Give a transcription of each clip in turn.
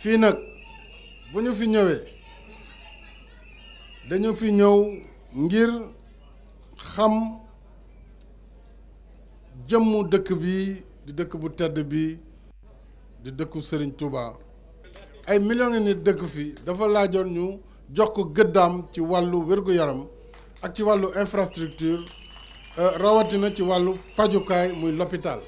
fii nag bu ñu fi ñëwee dañu fi ñëw ngir xam jëmmu dëkk bi di dëkk bu tedd bi di dëkku sëriñ tubaa ay millions ngi nit dëkk fi dafa laajoon ñu jox ko gëddaam ci wàllu wér yaram ak ci wàllu infrastructure euh, rawatina ci wàllu pajukaay muy l'hôpital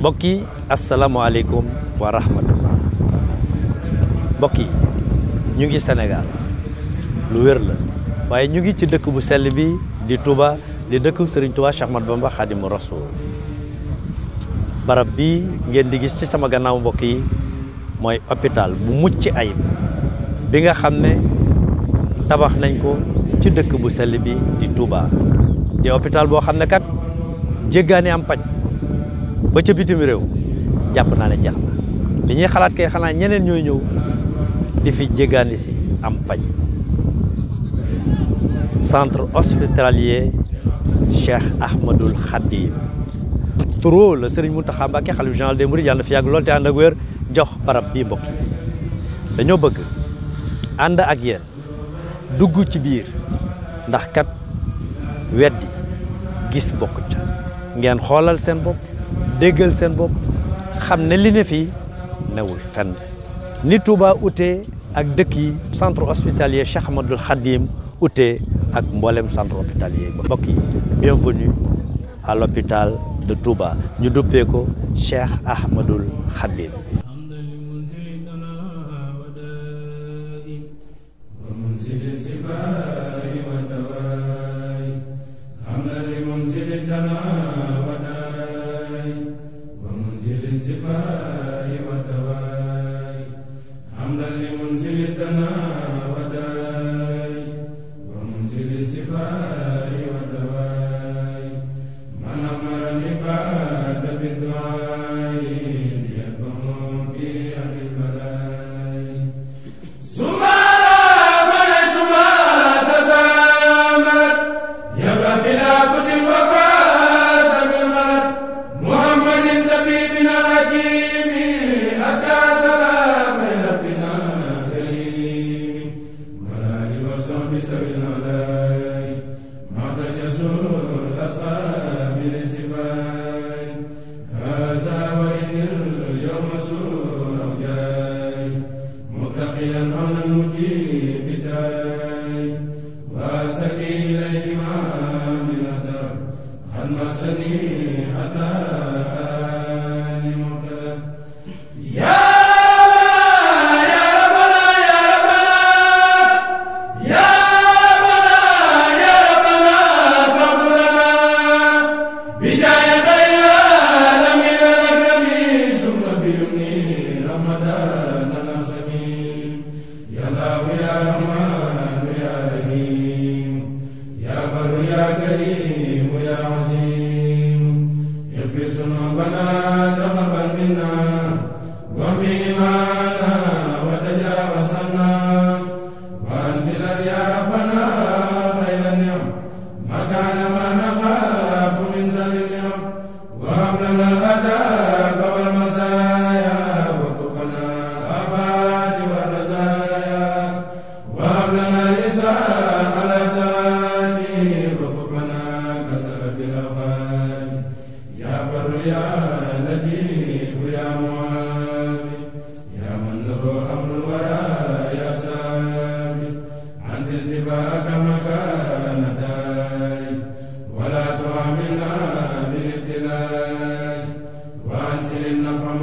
mbokk yi asalaamaaleykum wa rahmatullah mbokk yi ñu ngi Sénégal lu wér la waaye ñu ngi ci dëkk bu sell bi di Touba di dëkk sëriñ Touba Cheikh Ahmadou Bamba Khadimu Rasul barab bi ngeen di gis ci sama gannaaw mbokk yi mooy hôpital bu mucc ayib bi nga xam ne tabax nañ ko ci dëkk bu sell bi di Touba di hôpital boo xam ne kat jéggaani am paj ba ca bitim réew jàpp naa ne jeex li ñuy xalaat kay xanaa ñeneen ñooy ñëw di fi jéggaani si am paj centre hospitalier Cheikh Ahmadoul Khadim turoo la Serigne Mountakha Mbacké xalifa général des mourides yàlla na fi ak lool te ànd ak wér jox barab bi mbokk yi dañoo bëgg ànd ak yéen dugg ci biir ndax kat weddi gis bokk ca ngeen xoolal seen bopp déggal seen bopp xam ne li ne fi newul fenn ni Touba utee ak dëkk yi centre hospitalier Cheikh Ahmadoul Khadim utee ak mboolem centre hospitalier ba mbokk à l'hôpital de Touba ñu duppee ko Cheikh Ahmadoul Khadim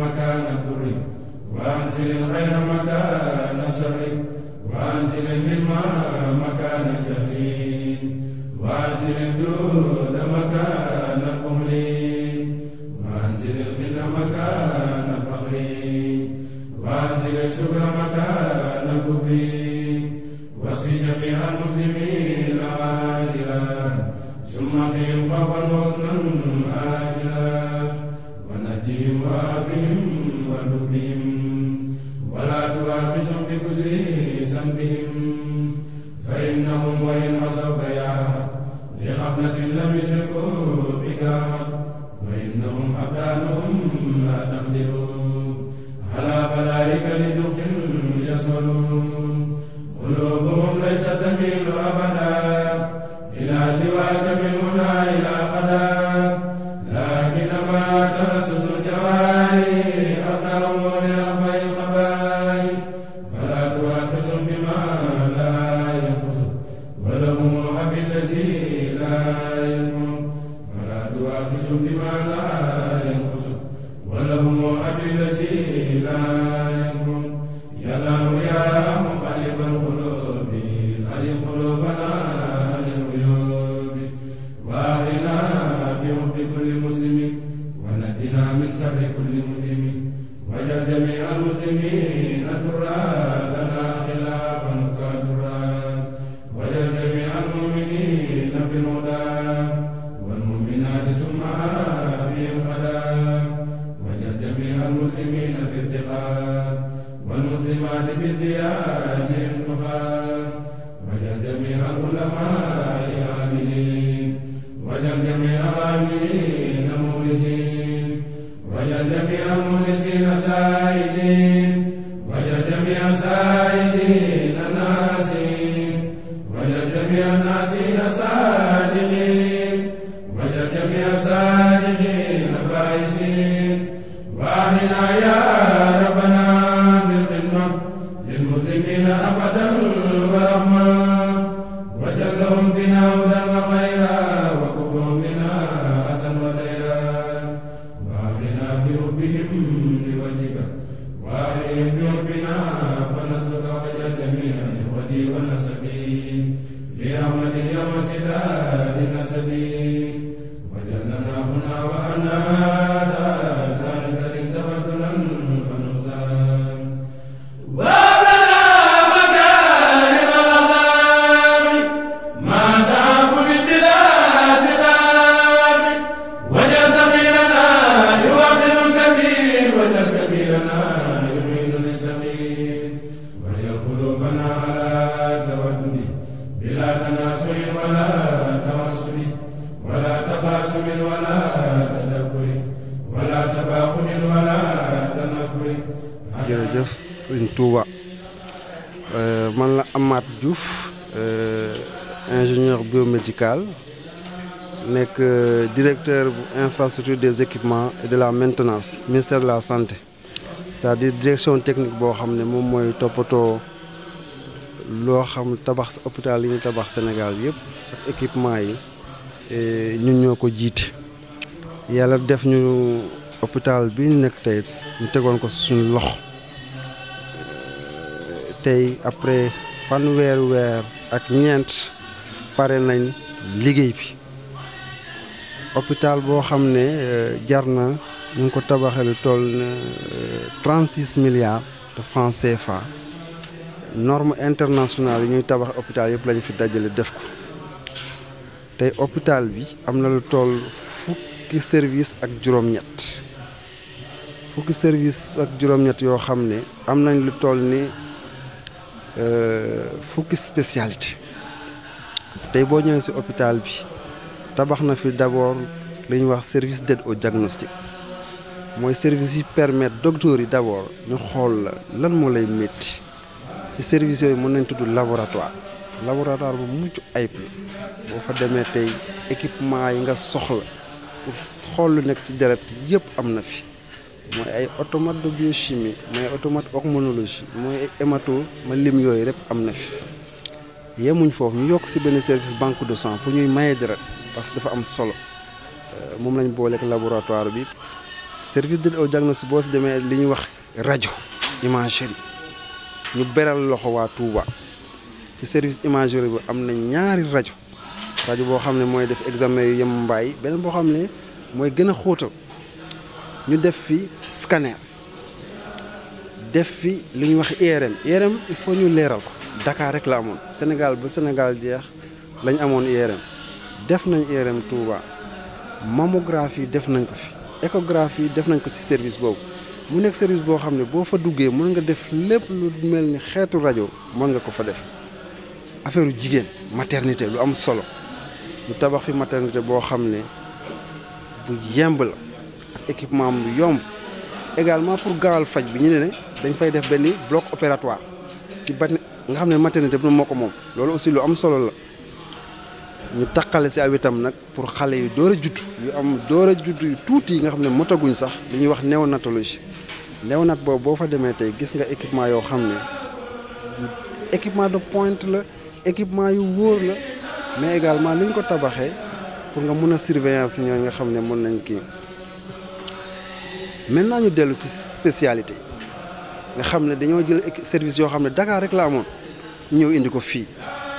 مكان الضر وأنزل الخير Fall nekk euh, directeur bu infrastructure des équipements de la maintenance ministère de la santé c'est-à-dire direction technique boo xam ne moom mooy toppatoo loo xam tabax hôpital yi ñu tabax Sénégal yëpp ak équipement yi ñun ñoo ko jiite yàlla def ñu hôpital bi ñu nekk tey ñu tegoon ko suñu loxo tey après fanweeri weer ak ñeent pare nañ liggéey bi hôpital boo xam ne euh, jar na ñu ngi ko tabaxee lu toll na 36 euh, milliards de francs CFA norme internationale yi ñuy tabax hôpital yëpp lañu fi dajalee def ko tey hôpital bi am na lu toll fukki service ak juróom-ñett fukki service ak juróom-ñett yoo xam ne am nañ lu toll ni euh, fukki spécialité tey boo ñëwee ci hôpital bi tabax na fi d'abord li ñuy wax service de d'aide au diagnostic mooy service yi permettre docteurs yi d'abord ñu xool la lan moo lay métti ci service yooyu mën nañ tudd laboratoire laboratoire bu mucc ay la boo fa demee tey équipement yi nga soxla pour xool lu nekk ci deret yépp am na fi mooy ay automate de biochimie mooy automate hormonologie mooy ay hémato ma lim yooyu rek am na fi yemuñ foofu ñu yokk si benn service banque de sang pour ñuy maye deret parce que dafa am solo euh, moom lañ booleek laboratoire bi service de diagnostic boo si demee li ñu wax rajo imagerie ñu beral loxo waa Touba ci service imagerie bi am na ñaari rajo rajo boo xam ne mooy def examen yu yem mbaay beneen boo xam ne mooy gën a xóotal ñu def fi scanner def fi li ñuy wax IRM IRM il faut ñu leeral ko Dakar rek la amoon Sénégal ba Sénégal jeex lañ amoon IRM def nañ IRM Touba mammographie def nañ ko fi échographie def nañ ko ci service boobu mu nekk service boo xam ne boo fa duggee mën nga def lépp lu mel ni xeetu rajo mën nga ko fa def affaire jigéen maternité lu am solo lu tabax fi maternité boo xam ne bu yemb la ak équipement am lu yomb également pour gaawal faj bi ñu ne ne dañ fay def benn bloc opératoire ci benn nga xam ne maternité bi moo ko moom loolu aussi lu am solo la ñu taqale si aw itam nag pour xale yu door a yu am door a judd yu tuuti yi nga xam ne motaguñ sax li ñuy wax néonatologie néonat boobu boo fa demee tey gis nga équipement yoo xam ne équipement de pointe la équipement yu wóor la mais également li ñu ko tabaxee pour nga mun a surveillance ñooñu nga xam ne mën nañ kii maintenant ñu dellu si spécialité nga xam ne dañoo jël service yoo xam ne Dakar rek la amoon ñëw indi ko fii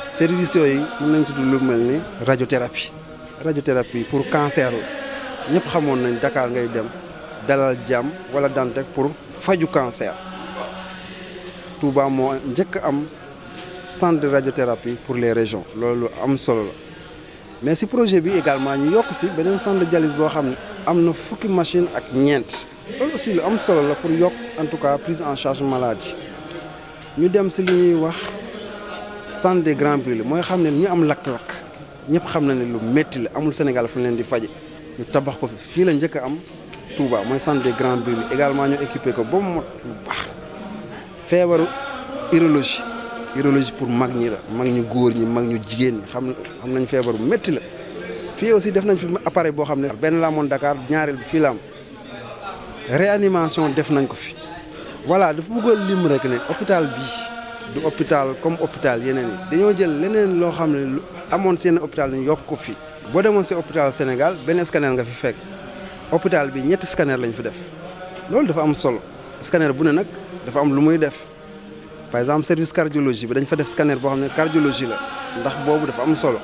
service yooyu mën nañ tudd lu mel ni radiothérapie radiothérapie pour cancer la ñëpp xamoon nañ dakaar ngay dem dalal jàmm wala Dantec pour faju cancer Touba moo njëkk am centre de pour les régions loolu am solo la mais si projet bi également ñu yokk si beneen centre de boo xam ne am na fukki machine ak ñeent loolu aussi lu am solo la pour yokk en tout cas prise en charge maladie ñu dem si lu ñuy wax centre des grands brûlés mooy xam ne ñu am lakk-lakk ñëpp xam na ne lu métti la amul Sénégal fu ñu leen di faje ñu tabax ko fi fii la njëkk a am Touba mooy centre des grands brûlés également ñu équipé ko ba mu mot lu baax feebaru urologie urologie pour mag ñi la mag ñu góor ñi mag ñu jigéen ñi xam xam nañ feebar bu métti la fii aussi def nañ fi appareil boo xam ne benn la amoon Dakar ñaareel bi fii la réanimation def nañ ko fi voilà dafa bëggoon lim rek ne hôpital bii du hôpital comme hôpital yeneen yi dañoo jël leneen loo xam ne lu amoon seen hôpital ñu yokk ko fi. boo demoon si hôpital Sénégal benn scanner nga fi fekk hôpital bi ñetti scanner lañ fi def loolu dafa am solo scanner bu ne nag dafa am lu muy def par exemple service cardiologie bi dañ fa def scanner boo xam ne cardiologie la ndax boobu dafa am solo.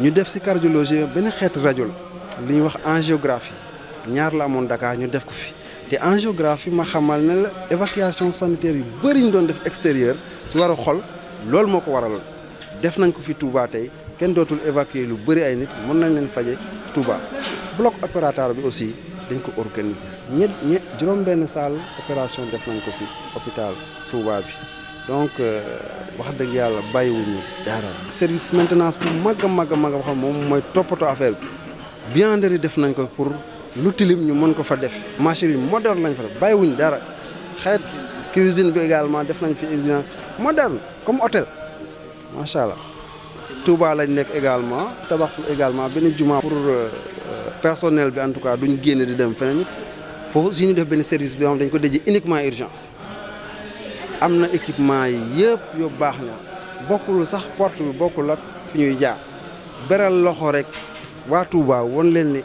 ñu def si cardiologie benn xeet rajo la li ñuy wax angiographie ñaar la amoon Dakar ñu def ko fi te angiographie ma xamal ne la évacuation sanitaire yu bëri ñu doon def extérieur ci war a xol loolu moo ko waral def nañ ko fi Touba tey kenn dootul évacuer lu bëri ay nit mën nañ leen faje Touba bloc opératoire bi aussi dañ ko organiser ñett ñett juróom benn salle opération def nañ ko si hôpital Touba bi donc euh, wax dëgg yàlla bàyyiwuñu dara. service maintenance bu mag a mag a mag boo xam moom mooy toppatoo affaire bi bianderie def nañ ko pour lu tilim ñu mën ko fa def machine moderne lañ fa def bàyyiwuñu dara xeet cuisine bi également def nañ fi usine moderne comme hôtel macha allah. Touba lañ nekk également tabax fi également benn jumaa pour euh, euh, personnel bi en tout cas duñ génne di dem feneen foofu su ñu def benn service bi nga xam dañ ko déjee uniquement am na équipement yi yëpp yu baax na bokkul sax port bi bokkul ak fi ñuy jaar beral loxo rek waa tuuba won leen ni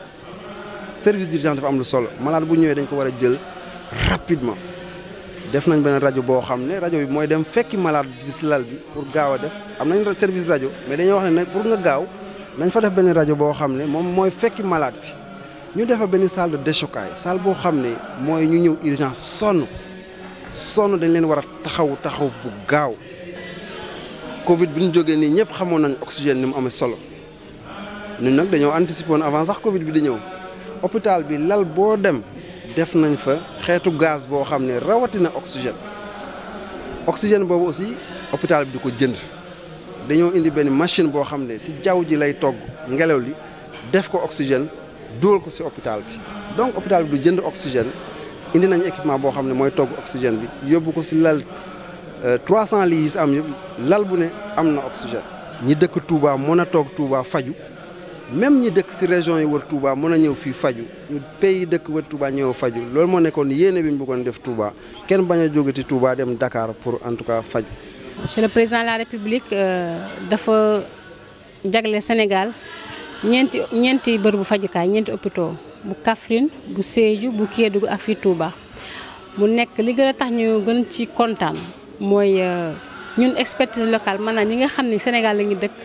service d'urgence dafa am lu solo malade bu ñëwee dañ ko war a jël rapidement def nañ benn rajo boo xam ne rajo bi mooy dem fekki malade bi si lal bi pour gaaw a def am nañ service rajo mais dañoo wax ne nag pour nga gaaw nañ fa def benn rajo boo xam ne moom mooy fekki malaat bi ñu defa benn salle de déchocage salle boo xam ne mooy ñu ñëw urgence sonn sonn dañ leen war a taxaw taxaw bu gaaw Covid bi ñu jógee nii ñëpp xamoon nañu oxygène ni mu amee solo ñu nag dañoo anticiper woon avant sax Covid bi di ñëw hôpital bi lal boo dem def nañ fa xeetu gaz boo xam ne rawatina oxygène oxygène boobu aussi hôpital bi du ko jënd dañoo indi benn machine boo xam ne si jaww ji lay togg ngelaw li def ko oxygène dugal ko si hôpital bi donc hôpital bi du jënd oxygène. indi nañu équipement boo xam ne mooy togg oxygène bi yóbbu ko si lal euh, trois lits yi am yëpp lal bu ne am na oxygène. ñi dëkk Touba mën a toog Touba faju même ñi dëkk si région yi wër Touba mën a ñëw fii faju ñu pays yi dëkk wër Touba ñëw faju loolu moo nekkoon yéene bi ñu bëggoon def Touba kenn bañ a jógati Touba dem Dakar pour en tout cas faju monsieur le président la république euh, dafa jagle Sénégal ñeenti ñeenti bu fajukaay ñeenti hôpitaux. bu Kaffrine bu Sédhiou bu Kédougou ak fi Touba mu nekk li gën a tax ñu gën ci kontaan mooy euh, ñun expertise locale maanaam ñi nga xam ne Sénégal la ñu dëkk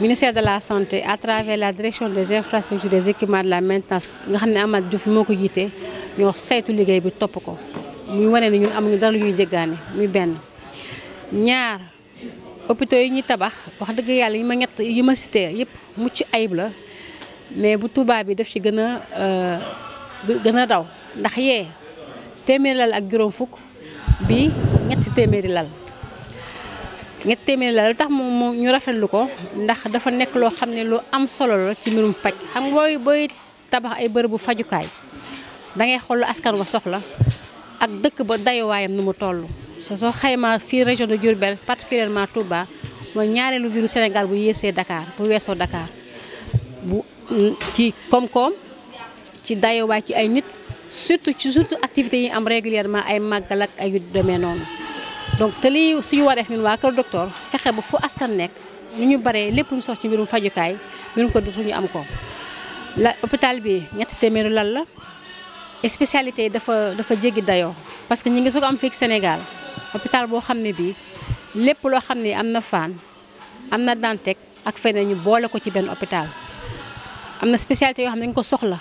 ministère de la santé à travers la direction des infrastructures des équipements de la maintenance nga xam ne Amath Diouf moo ko jiitee ñoo saytu liggéey bi topp ko muy wane ne am amuñu dara lu ñuy jéggaane mu benn ñaar hôpitaux yi ñuy tabax wax dëgg yàlla yi ma ñett yi ma cité yëpp mucc ayib la mais bu tubaab bi daf ci gën a euh, gën daw ndax yee téeméeri lal ak juróom fukk bi ñetti téeméeri lal ñetti téeméeri lal lu tax mu ñu rafetlu ko ndax dafa nekk loo xam ne lu am solo la ci mbirum paj xam nga booy tabax ay bërëbu fajukaay dangay xol askan wa soxla ak dëkk ba dayuwaayam nu mu toll so soo xaymaa fii région de Diourbel particulièrement Touba mooy ñaareelu ville Sénégal bu yéesee Dakar bu weesoo Dakar bu ci koom-koom ci dayowaay ci ay nit surtout ci surtout activité yi am régulièrement ay màggal ak ay yu demee noonu donc te lii suñu wareef ñun waa kër docteur fexe ba fu askan nekk ñu baree lépp lu sox ci mbirum fajukaay mbirum ko dootuñu am ko la hôpital bi ñetti téeméeri lal la spécialité yi dafa dafa jéggi dayoo parce que ñi ngi soog am fii Sénégal hôpital boo xam ne bii lépp loo xam ne am na fan am na Dantec ak feneen ñu boole ko ci benn hôpital am na spécialité yoo xam ne dañ ko soxla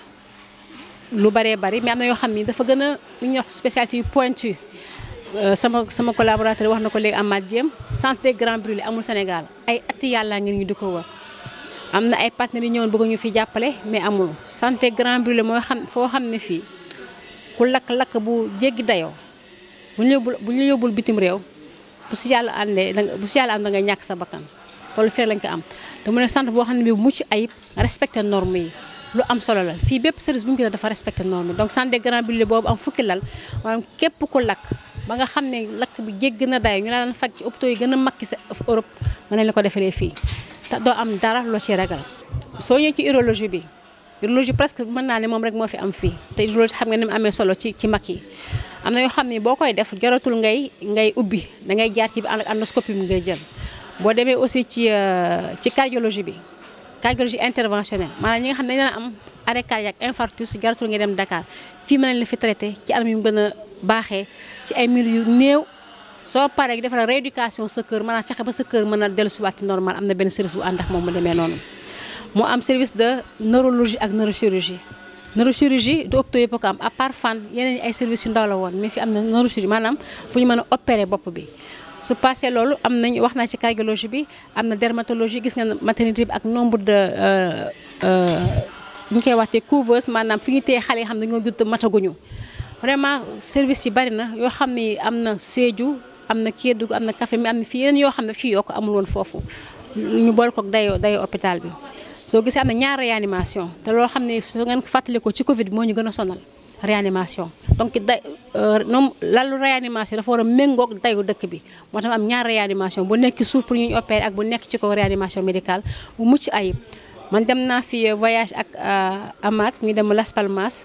lu baree bari mais am na yoo xam ni dafa gën a ñox ñuy wax spécialité yu pointu euh, sama sama collaborateur wax na ko léegi am Diém centre des grands brûlés amul Sénégal ay atti yàlla ngir ñi di ko war am na ay partenaires yu ñëwoon bëgg ñu fi jàppale mais amul centre des grands mooy xam foo xam ne fii ku lakk-lakk bu jéggi dayoo bu ñu yóbbul bitim réew bu si yàlla àndee bu si yàlla ànd nga ñàkk sa bakkan loolu fii lañ ko am te mu ne centre boo xam ne bii ci ayib respecté norme yi lu am solo la fii bépp service bu ñu ko dafa respecté norme yi donc centre des grands brûlés boobu am fukki lal maanaam képp ku lakk ba nga xam ne lakk bi jégg na dayo ñu la faj ci hôpitaux yi gën a makki sa Europe mën la ko defaree fii te doo am dara loo ci ragal soo ñëwee ci urologie bi urologie presque mën naa ne moom rek moo fi am fii te urologie xam nga ni mu amee solo ci ci mag yi am na yoo xam ne boo koy def jaratul ngay ngay ubbi da ngay jaar ci bi endoscopie bi ngay jël boo demee aussi ci euh, ci cardiologie bi cardiologie interventionnelle maanaam ñi nga xam ne dañu am arrêt cardiaque infarctus jaratul nga dem Dakar fii ma nañ la fi traité ci am yu gën a baaxee ci ay minutes yu néew soo paree defal la rééducation sa kër maanaam fexe ba sa kër mën a dellusiwaat ci normal am na benn service bu ànd ak moom mu demee noonu. mu am service de neurologie ak neurochirurgie neurochirurgie du hôpitaux yëpp ko am à part Fann yeneen ay services yu ndaw woon mais fi am na neurochirurgie maanaam fu ñu mën a opérer bopp bi. su passé loolu am nañ wax naa ci cardiologie bi am na dermatologie gis nga maternité bi ak nombre de euh, euh, ñu koy waxtee couveuse maanaam fi ñu teye xale yi xam ne dañoo judd mataguñu vraiment service yi bari na yoo xam ne am na Sédhiou am na Kédougou am na Kaffrine am na fii yeneen yoo xam ne fi yokk amul woon foofu ñu bool ko dayoo dayoo hôpital bi soo gisee am na ñaar réanimation te loo xam ne su ngeen fàttali ko ci Covid bi moo ñu gën a sonal réanimation donc day euh, ñoom lalu réanimation dafa war a méngoog dayu dëkk bi moo tax am ñaar réanimation bu nekk suuf pour ñu opérer ak bu nekk ci kaw réanimation médicale bu mucc ayib man dem naa fi euh, voyage ak euh, Amath ñu dem Las Palmas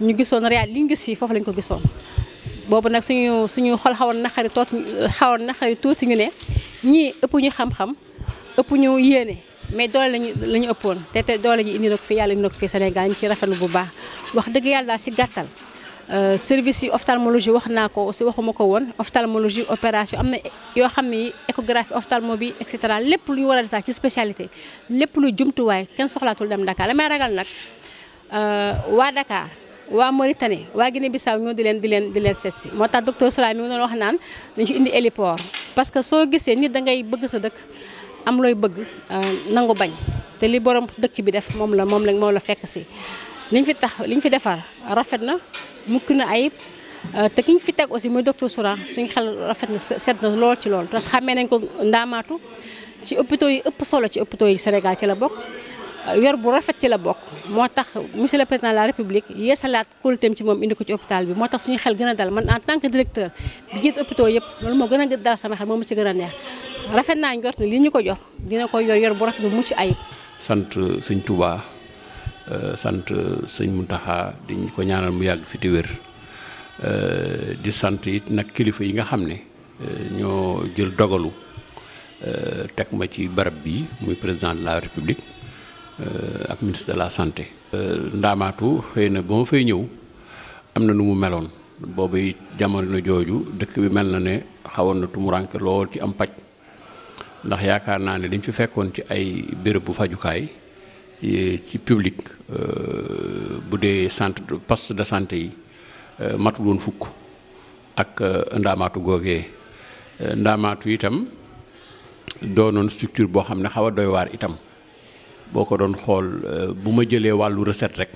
ñu gisoon réal li gis fii foofu lañ ko gisoon boobu nag suñu suñu xol xawoon naxari toot xawoon ñu ne ñii ëpp ñu xam-xam ëpp ñu yéene mais doole lañu la ñu ëppoon te te doole ji indi na ko fi yàlla indi na ko fi Sénégal ñu ci rafetlu bu baax wax dëgg yàlla si gàttal euh, service yi ophtalmologie wax naa ko si waxuma ko woon ophtalmologie opération am na yoo xam ne échographie ophtalmo bi et cetera lépp lu ñu war a defaat ci spécialité lépp lu jumtuwaay kenn soxlaatul dem Dakar la may ragal nag euh, waa Dakar waa Mauritanie waa Guinée Bissau ñoo di leen di leen di leen si moo tax docteur Sala mi ngi doon wax naan dañu fi indi héliport parce que soo gisee nit da ngay bëgg sa dëkk am looy bëgg euh, nangu bañ te li borom dëkk bi def moom la moom la moom la fekk si liñ fi tax liñ fi defar rafet na mukk na ayib euh, te ki ñu fi teg aussi muy docteur Soura suñu xel rafet na set na lool ci lool parce xame nañ ko ndaamaatu ci hôpitaux yi ëpp solo ci hôpitaux yi Sénégal ci la bokk euh, yor bu rafet ci la bokk moo tax monsieur le président de la république yeesalaat kóoluteem ci moom indi ko ci hôpital bi moo tax suñu xel gën a dal man en tant que directeur bi jiit hôpitaux yëpp loolu moo gën a dal sama xel moom mu ci gën a neex rafet naa njort ne li ñu ko jox dina ko yor yor bu rafet bu mucc ay sant sëñ Touba euh, sant sëñ taxa di ko ñaanal mu yàgg fi di wér euh, di sant it nag kilifa yi nga xam ne euh, ñoo jël dogalu teg ma ci barab bi muy président de la république ak ministre de la santé. ndaamaatu xëy na ba ma fay ñëw am na nu mu meloon boobu jamono jooju dëkk bi mel na ne xawoon na tumuranke lool ci am paj ndax yaakaar naa ne dañ fi fekkoon ci ay béréb bu fajukaay ci public euh, bu dee centre poste de santé yi euh, matul woon fukk ak euh, ndaamaatu googee ndaamaatu itam noon structure boo xam ne xaw a doy waar itam boo ko doon xool bu ma jëlee wàllu recette rek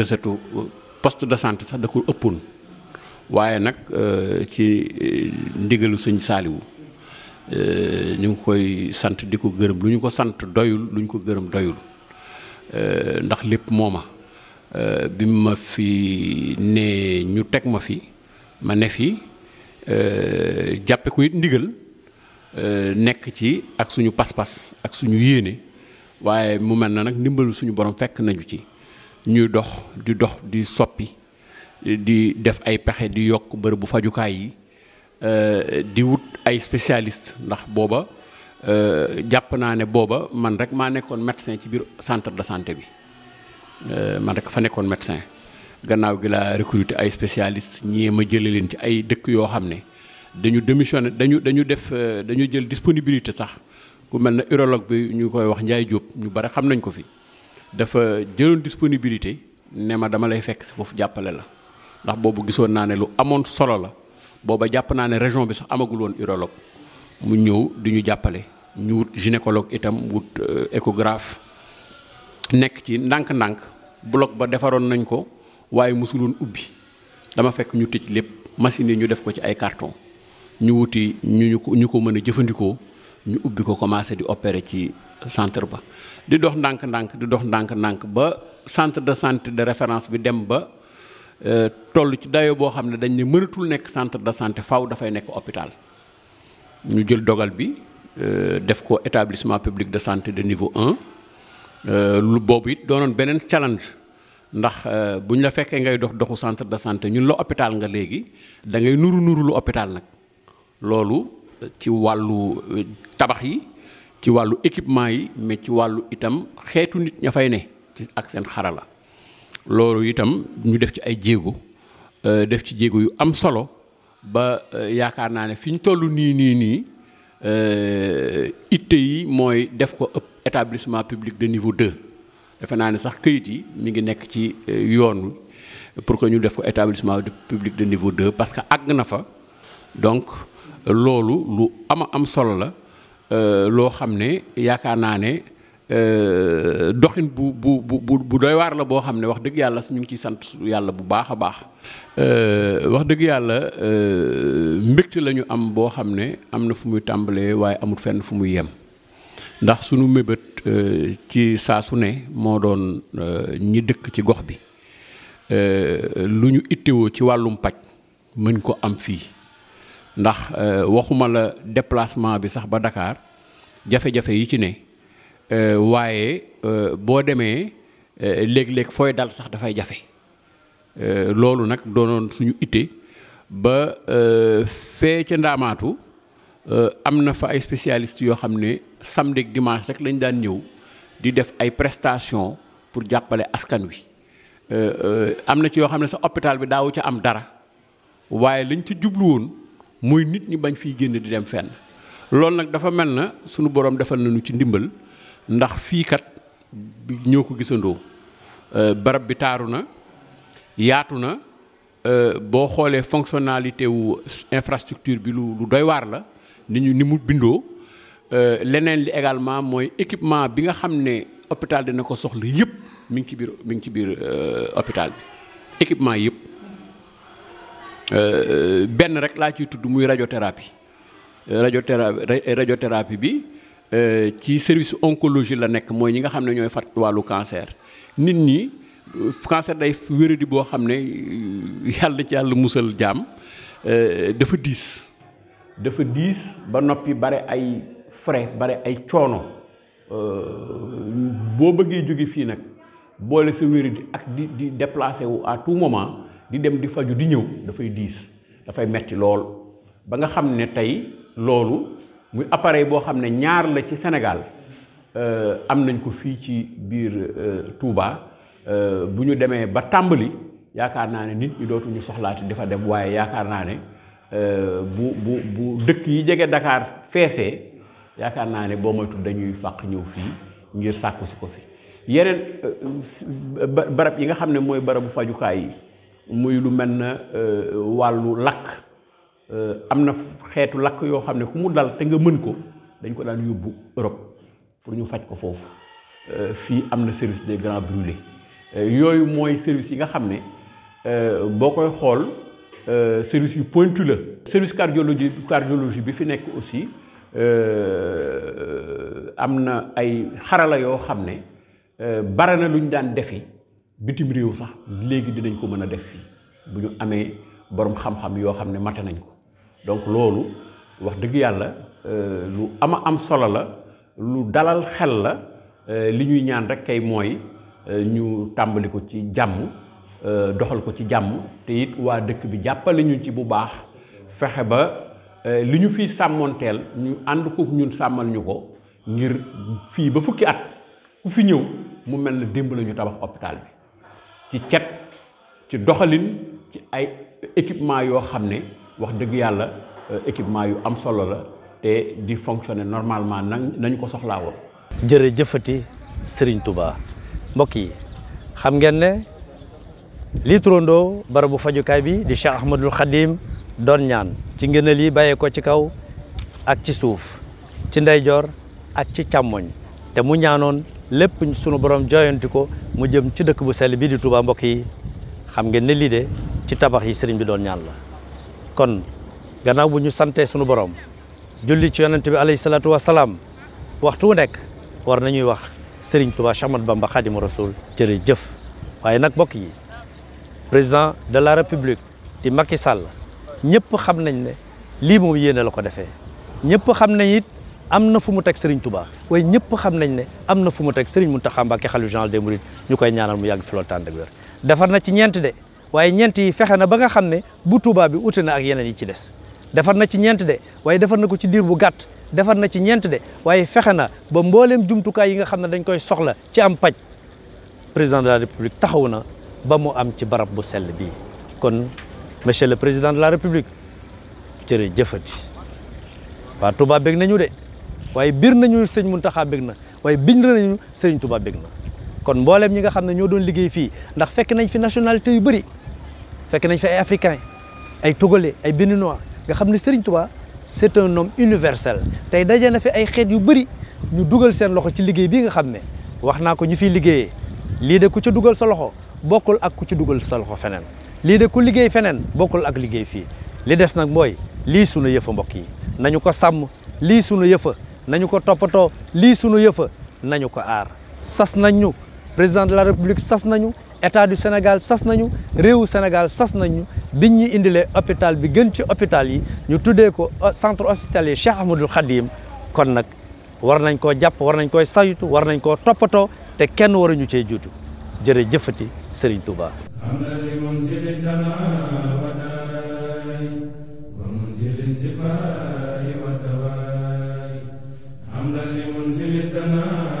recette poste de santé sax da ko ëppoon waaye nag ci ndigalu sëñ saaliwu Euh, ñu ngi koy sant di ko gërëm lu ñu ko sant doyul lu ñu ko gërëm doyul euh, ndax lépp mooma euh, bi ma fi ne ñu teg ma fi ma ne fi jàppe ko it ndigal nekk ci ak suñu pas-pas ak suñu yéene waaye mu mel na nag ndimbalu suñu borom fekk nañu ci ñuy dox di dox di soppi di def ay pexe di yokk bërëbu fajukaay yi Euh, di wut ay spécialiste ndax booba euh, jàpp naa ne booba man rek maa nekkoon médecin ci biir centre de santé bi euh, man rek fa nekkoon médecin gannaaw gi laa recruter ay spécialiste ñii ma jëlee leen ci ay dëkk yoo xam ne dañu démissionné dañu dañu def dañu jël disponibilité sax ku mel ne urologue bi ñu koy wax Ndiaye Diop ñu bari xam nañ ko fi dafa jëloon disponibilité ne ma dama lay fekk si foofu jàppale la ndax boobu gisoon naa ne lu amoon solo la. booba jàpp naa ne région bi sax amagul woon urologue mu ñëw di ñu jàppale ñu wut gynécologue itam wut euh, échographe nekk ci ndànk-ndànk bloc ba defaroon nañ ko waaye mosuloon ubbi dama fekk ñu tëj lépp machine yi ñu def ko ci ay carton ñu wuti ñu ko ñu ko mën a jëfandikoo ñu ubbi ko commencé di opérer ci centre ba di dox ndànk-ndànk di dox ndànk-ndànk ba centre de santé de référence bi dem ba Euh, toll ci dayo boo xam ne dañ ne mënatul nekk centre de santé faaw dafay nekk hôpital ñu jël dogal bi euh, def ko établissement public de santé de niveau un euh, lu boobu it doonoon beneen challenge ndax bu ñu la fekkee ngay dox doxu centre de santé ñun la hôpital nga léegi dangay nuru nuru lu hôpital nag loolu ci wàllu tabax yi ci wàllu équipement yi mais ci wàllu itam xeetu nit ña fay ne ci ak seen xarala loolu itam ñu def ci ay jéego euh, def ci jéego yu am solo ba euh, yaakaar naa ne fi ñu toll nii nii nii euh, itte yi mooy def ko ëpp établissement public de niveau deux defe naa ne sax këyit yi mu ngi nekk ci yoon pour que ñu def ko établissement public de niveau deux parce que àgg na fa donc loolu lu ama am solo la loo xam ne yaakaar naa ne Euh, doxin bu bu bu bu doy waar la boo xam ne wax dëgg yàlla ñu ngi ciy sant yàlla bu baax a baax euh, wax dëgg yàlla euh, mbégte la ñu am boo xam ne am na fu muy tàmbalee waaye amul fenn fu muy yem ndax sunu mébét ci saasu ne moo doon ñi dëkk ci gox bi lu ñu ittewoo ci wàllum paj mën ko am fii ndax waxuma la déplacement bi sax ba dakaar jafe-jafe yi ci ne Euh, waaye euh, boo demee euh, léeg-léeg fooy dal sax dafay jafe loolu nag doonoon suñu itte ba fee ca ndaamaatu am na fa ay spécialistes yoo xam ne samedi ak rek lañ daan ñëw di def ay prestations pour jàppale askan wi am na ci yoo xam ne sa hôpital bi daawu ca am dara waaye lañ ci jublu woon mooy nit ñi bañ fiy génn di dem fenn loolu nag dafa mel na sunu borom defal nañu ci ndimbal. ndax fii kat ñoo ko gisandoo euh, barab bi taaru na yaatu na euh, boo xoolee fonctionnalité wu infrastructure bi lu lu doy waar la ni ñu ni mu bindoo euh, leneen li également mooy équipement bi nga xam ne hôpital dina ko soxla yëpp mi ngi ci biir mi ngi ci biir hôpital bi équipement yëpp benn rek laa ciy tudd muy radiothérapie radiothérapie radiothérapie bi Euh, ci service oncologie la nekk mooy ñi nga xam ne ñooy fat wàllu cancer nit ñi cancer day wéradi boo xam ne euh, yàlla ci yàlla musal jaam euh, dafa diis dafa diis ba noppi bare ay frais bare ay coono boo bëggee jóge fii nag boole sa wéradi ak di di déplacé wu à tout moment di dem di faju di ñëw dafay diis dafay metti lool ba nga xam ne tey loolu muy appareil boo xam ne ñaar la ci Sénégal euh, am nañ ko fii ci biir euh, Touba euh, bu ñu demee ba tàmbali yaakaar naa ne nit ñi dootuñu soxlaati dafa dem waaye yaakaar naa ne bu bu bu dëkk yi jege dakaar feesee yaakaar naa ne boo moytu dañuy fàq ñëw fii ngir sàkku si ko fi yeneen barab yi nga xam ne mooy barabu fajukaay yi muy lu mel na wàllu lakk Euh, am na xeetu lakk yoo xam ne ku mu dal te nga mën ko dañ ko daan yóbbu Europe pour ñu faj ko foofu euh, fii am na service des grands brûlés euh, yooyu mooy service yi nga xam ne boo koy xool service yu pointu la service cardiologie cardiologie bi fi nekk aussi am na ay xarala yoo xam ne bare na lu ñu daan defi bitim réew sax léegi dinañ ko mën a def fii bu ñu amee boroom xam-xam yoo xam ne mate nañ ko donc loolu wax dëgg yàlla euh, lu ama am solo la lu dalal xel la euh, li ñuy ñaan rek kay mooy euh, ñu tàmbali ko ci jàmm doxal ko ci jàmm te it waa dëkk bi jàppale ñu ci bu baax fexe ba li ñu fiy sàmmoonteel ñu ànd ko ñun sàmmal ñu ko ngir fii ba fukki at ku fi ñëw mu mel na démb la tabax hôpital bi ci cet ci doxalin ci ay équipement yoo xam ne wax dëgg yàlla euh, équipement yu am solo la te di fonctionner normalement nañ ko soxlaa woon jërëjëfati Serigne Touba mbokk yi xam ngeen ne lii barabu fajukaay bi di Cheikh Ahmadul Khadim doon ñaan ci ngëneel yi bàyyee ko ci kaw ak ci suuf ci ndeyjoor ak ci càmmoñ te mu ñaanoon lépp sunu borom jooyanti ko mu jëm ci dëkk bu sell bii di Touba mbokk yi xam ngeen ne lii de ci tabax yi sëriñ bi doon ñaan la kon gannaaw bu ñu santee suñu borom julli ci yonent bi alayhi salaatu salaam waxtu wu nekk war na ñuy wax Serigne Touba Cheikh Ahmadou Bamba Khadimu Rasul jëf waaye nag mbokk yi président de la république di Macky Sall ñëpp xam nañ ne lii moom yéene la ko defee ñëpp xam nañ it am na fu mu teg Serigne Touba waaye ñëpp xam nañ ne am na fu mu teg Serigne Mountakha Mbacké xalifa général des mourides ñu koy ñaanal mu yàgg fi loolu tànd ak defar na ci ñeent de. waaye ñeent yi fexe na ba nga xam ne bu Touba bi ute na ak yeneen yi ci des defar na ci ñeent de waaye defar na ko ci diir bu gàtt defar na ci ñeent de waaye fexe na ba mbooleem jumtukaay yi nga xam ne dañ koy soxla ci am paj président de la république taxaw na ba mu am ci barab bu sell bii kon monsieur le président de la république jërë jëfati waa Touba bég nañu de waaye biir nañu sëñ Muntaxa bég na waaye biñ nañu sëñ Touba bég na kon mboolem ñi nga xam ne ñoo doon liggéey fii ndax fekk nañ fi nationalité yu bëri fekk nañ fi ay africain ay togolais ay béninois nga xam ne Serigne Touba c'est un homme universel tey daje na fi ay xeet yu bëri ñu dugal seen loxo ci liggéey bii nga xam ne wax naa ko ñu fiy liggéeyee lii de ku ci dugal sa loxo bokkul ak ku ci dugal sa feneen lii de ku liggéey feneen bokkul ak liggéey fii li des nag mooy lii sunu yëfa mbokk yi nañu ko sàmm lii sunu yëfa nañu ko toppatoo lii sunu yëfa nañu ko aar sas nañ président de la république sas nañu état du Sénégal sas nañu réewu Sénégal sas nañu biñ ñu indilee hôpital bi gën ci hôpital yi ñu tuddee ko euh, centre hospitalier Cheikh Ahmadoul Khadim kon nag war nañ koo jàpp war nañ koy saytu war nañ koo toppatoo te kenn waruñu cee juutu jërëjëfati Serigne Touba. ودواي حمدا لمنزل